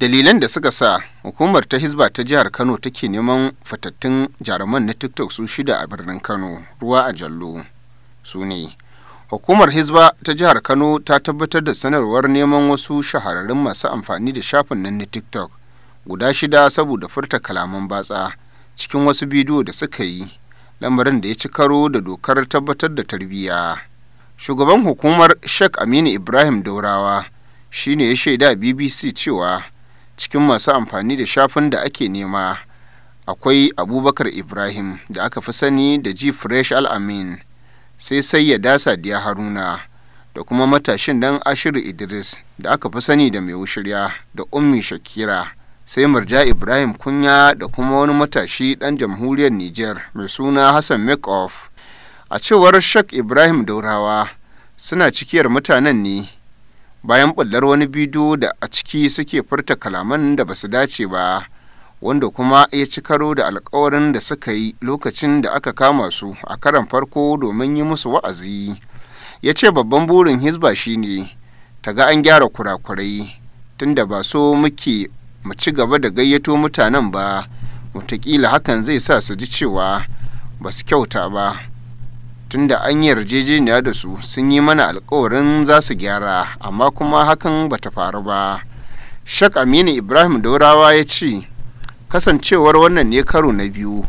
dalilan da suka sa hukumar ta hizba ta jihar kano take neman fatattun jaruman na tiktok su shida a birnin kano ruwa a jallo su ne hukumar hizba ta jihar kano ta tabbatar da sanarwar neman wasu shahararrun masu amfani da shafin nan na tiktok guda shida saboda furta kalaman batsa cikin wasu bidiyo da suka yi lamarin da ya ci karo da dokar tabbatar da tarbiyya shugaban hukumar sheikh aminu ibrahim daurawa shine ya shaida bbc cewa cikin masu amfani da shafin da ake nema akwai abubakar ibrahim da aka fi sani da g fresh al'amin sai sai ya dasa diya haruna da kuma matashin dan ashiru idris da aka fi sani da mai wushirya da ummi shakira sai Marja ibrahim kunya da kuma wani matashi dan jamhuriyar niger mai suna hassan makeoff a cewar shak ibrahim daurawa suna cikiyar mutanen ne bayan ɓallar wani bidiyo da a ciki suke furta kalaman da basu dace ba wanda kuma ya ci karo da alkawarin da suka yi lokacin da aka kama su a karan farko domin yi musu wa'azi ya ce babban burin hizba shine ta ga an gyara kurakurai tunda ba so muke mu ci gaba da gayyato mutanen ba watakila hakan zai sa su ji cewa ba su kyauta ba tunda an yi yarjejeniya da su sun yi mana alkawarin za su gyara amma kuma hakan bata faru ba shak aminu ibrahim daurawa ya ce kasancewar wannan ne karo na biyu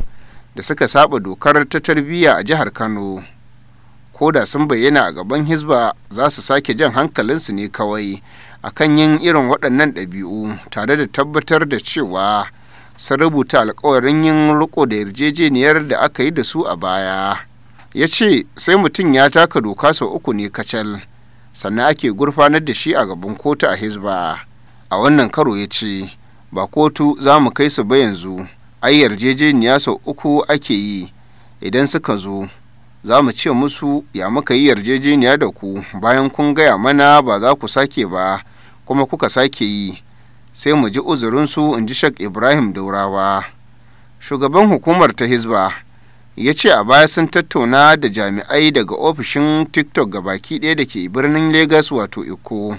da suka saba dokar ta tarbiyya a jihar kano ko da sun bayyana a gaban hisba za su sake jan hankalinsu ne kawai akan yin irin waɗannan ɗabi'u tare da tabbatar da cewa sun rubuta alkawarin yin riko da yarjejeniyar da aka yi da su a baya ya ce sai mutum ya taka doka sau uku ne kacal sannan ake gurfanar da shi a gaban kotu a Hisba. a wannan karo ya ce ba kotu za mu kai su ba yanzu ai yarjejeniya sau uku ake yi idan suka zo za mu ce musu ya muka yi yarjejeniya da ku bayan kun gaya mana ba za ku sake ba kuma kuka sake yi sai mu ji uzurinsu in ji shak ibrahim daurawa shugaban hukumar ta hizba ya ce a baya sun tattauna da jami'ai daga ofishin tiktok ga baki ɗaya da ke birnin Legas wato eko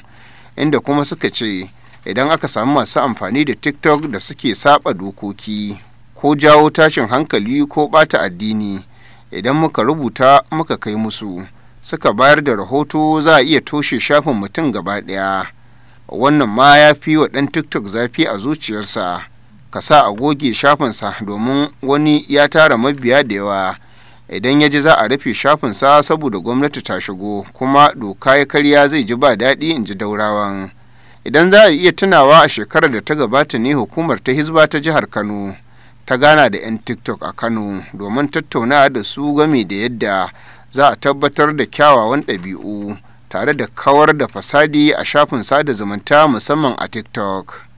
inda kuma suka ce idan aka samu masu amfani da tiktok da suke saba dokoki ko jawo tashin hankali ko bata addini idan muka rubuta muka kai musu suka bayar da rahoto za a iya toshe shafin mutum gaba ɗaya wannan ma ya fi wa ɗan tiktok zafi a zuciyarsa ka sa a goge shafinsa domin wani ya tara mabiya da yawa idan ya ji za a rufe shafinsa saboda gwamnati ta shigo kuma doka ya karya zai ji ba daɗi in ji daurawan idan za a iya tunawa a shekarar da ta gabata ne hukumar ta hizba ta jihar kano ta gana da 'yan tiktok a kano domin tattauna da su game da yadda za a tabbatar da kyawawan ɗabi'u tare da kawar da fasadi a shafin sada zumunta musamman a tiktok